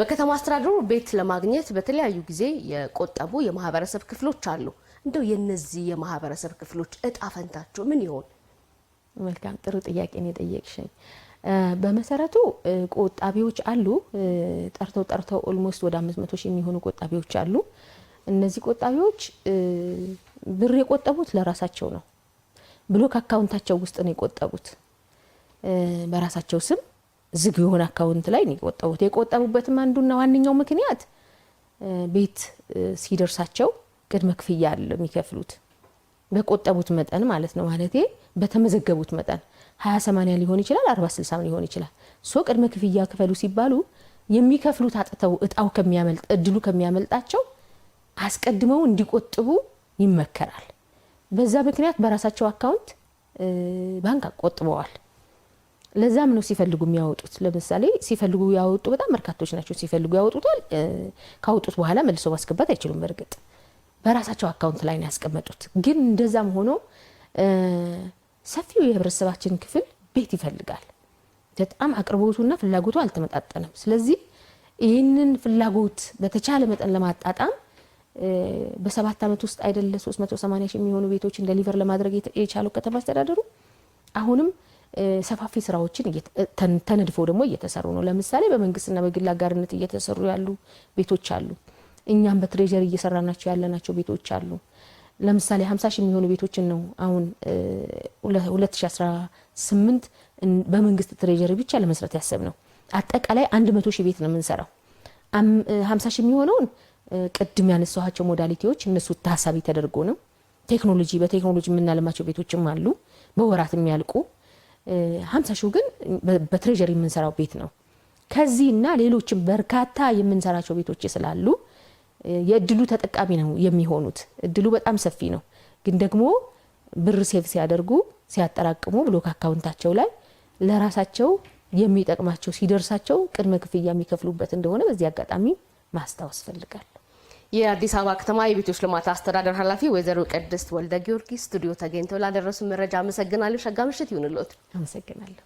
በከተማ አስተዳደሩ ቤት ለማግኘት በተለያዩ ጊዜ የቆጠቡ የማህበረሰብ ክፍሎች አሉ። እንደው የነዚህ የማህበረሰብ ክፍሎች እጣ ፈንታቸው ምን ይሆን? መልካም ጥሩ ጥያቄ ነው የጠየቅሽኝ። በመሰረቱ ቆጣቢዎች አሉ። ጠርተው ጠርተው ኦልሞስት ወደ መቶ ሺህ የሚሆኑ ቆጣቢዎች አሉ። እነዚህ ቆጣቢዎች ብር የቆጠቡት ለራሳቸው ነው፣ ብሎክ አካውንታቸው ውስጥ ነው የቆጠቡት በራሳቸው ስም ዝግ የሆነ አካውንት ላይ ነው የቆጠቡት። የቆጠቡበትም አንዱና ዋነኛው ምክንያት ቤት ሲደርሳቸው ቅድመ ክፍያ አለ የሚከፍሉት በቆጠቡት መጠን ማለት ነው። ማለት በተመዘገቡት መጠን ሀያ ሰማንያ ሊሆን ይችላል፣ አርባ ስልሳ ሊሆን ይችላል። ሶ ቅድመ ክፍያ ክፈሉ ሲባሉ የሚከፍሉት አጥተው እጣው ከሚያመልጥ እድሉ ከሚያመልጣቸው አስቀድመው እንዲቆጥቡ ይመከራል። በዛ ምክንያት በራሳቸው አካውንት ባንክ አቆጥበዋል። ለዛም ነው ሲፈልጉ የሚያወጡት። ለምሳሌ ሲፈልጉ ያወጡ በጣም በርካቶች ናቸው። ሲፈልጉ ያወጡታል። ካወጡት በኋላ መልሶ ማስገባት አይችሉም። በእርግጥ በራሳቸው አካውንት ላይ ነው ያስቀመጡት። ግን እንደዛም ሆኖ ሰፊው የህብረተሰባችን ክፍል ቤት ይፈልጋል። በጣም አቅርቦቱና ፍላጎቱ አልተመጣጠንም። ስለዚህ ይህንን ፍላጎት በተቻለ መጠን ለማጣጣም በሰባት ዓመት ውስጥ አይደለ 380 ሺህ የሚሆኑ ቤቶች እንደሊቨር ለማድረግ የቻለው ከተማ አስተዳደሩ አሁንም ሰፋፊ ስራዎችን ተነድፎ ደግሞ እየተሰሩ ነው። ለምሳሌ በመንግስትና በግል አጋርነት እየተሰሩ ያሉ ቤቶች አሉ። እኛም በትሬጀር እየሰራናቸው ያለናቸው ቤቶች አሉ። ለምሳሌ 50 ሺህ የሚሆኑ ቤቶችን ነው አሁን 2018 በመንግስት ትሬጀር ብቻ ለመስራት ያሰብ ነው። አጠቃላይ 100 ሺህ ቤት ነው የምንሰራው። 50 ሺህ የሚሆነውን ቅድም ያነሳኋቸው ሞዳሊቲዎች እነሱ ታሳቢ ተደርጎ ነው። ቴክኖሎጂ በቴክኖሎጂ የምናለማቸው ቤቶችም አሉ በወራት የሚያልቁ ሀምሳ ሺው ግን በትሬዠሪ የምንሰራው ቤት ነው። ከዚህ እና ሌሎችም በርካታ የምንሰራቸው ቤቶች ስላሉ የእድሉ ተጠቃሚ ነው የሚሆኑት። እድሉ በጣም ሰፊ ነው። ግን ደግሞ ብር ሴቭ ሲያደርጉ ሲያጠራቅሙ ብሎክ አካውንታቸው ላይ ለራሳቸው የሚጠቅማቸው ሲደርሳቸው ቅድመ ክፍያ የሚከፍሉበት እንደሆነ በዚህ አጋጣሚ ማስታወስ ፈልጋል። የአዲስ አበባ ከተማ የቤቶች ልማት አስተዳደር ኃላፊ ወይዘሮ ቅድስት ወልደ ጊዮርጊስ ስቱዲዮ ተገኝተው ላደረሱ መረጃ አመሰግናለሁ። ሸጋ ምሽት ይሁንልዎት። አመሰግናለሁ።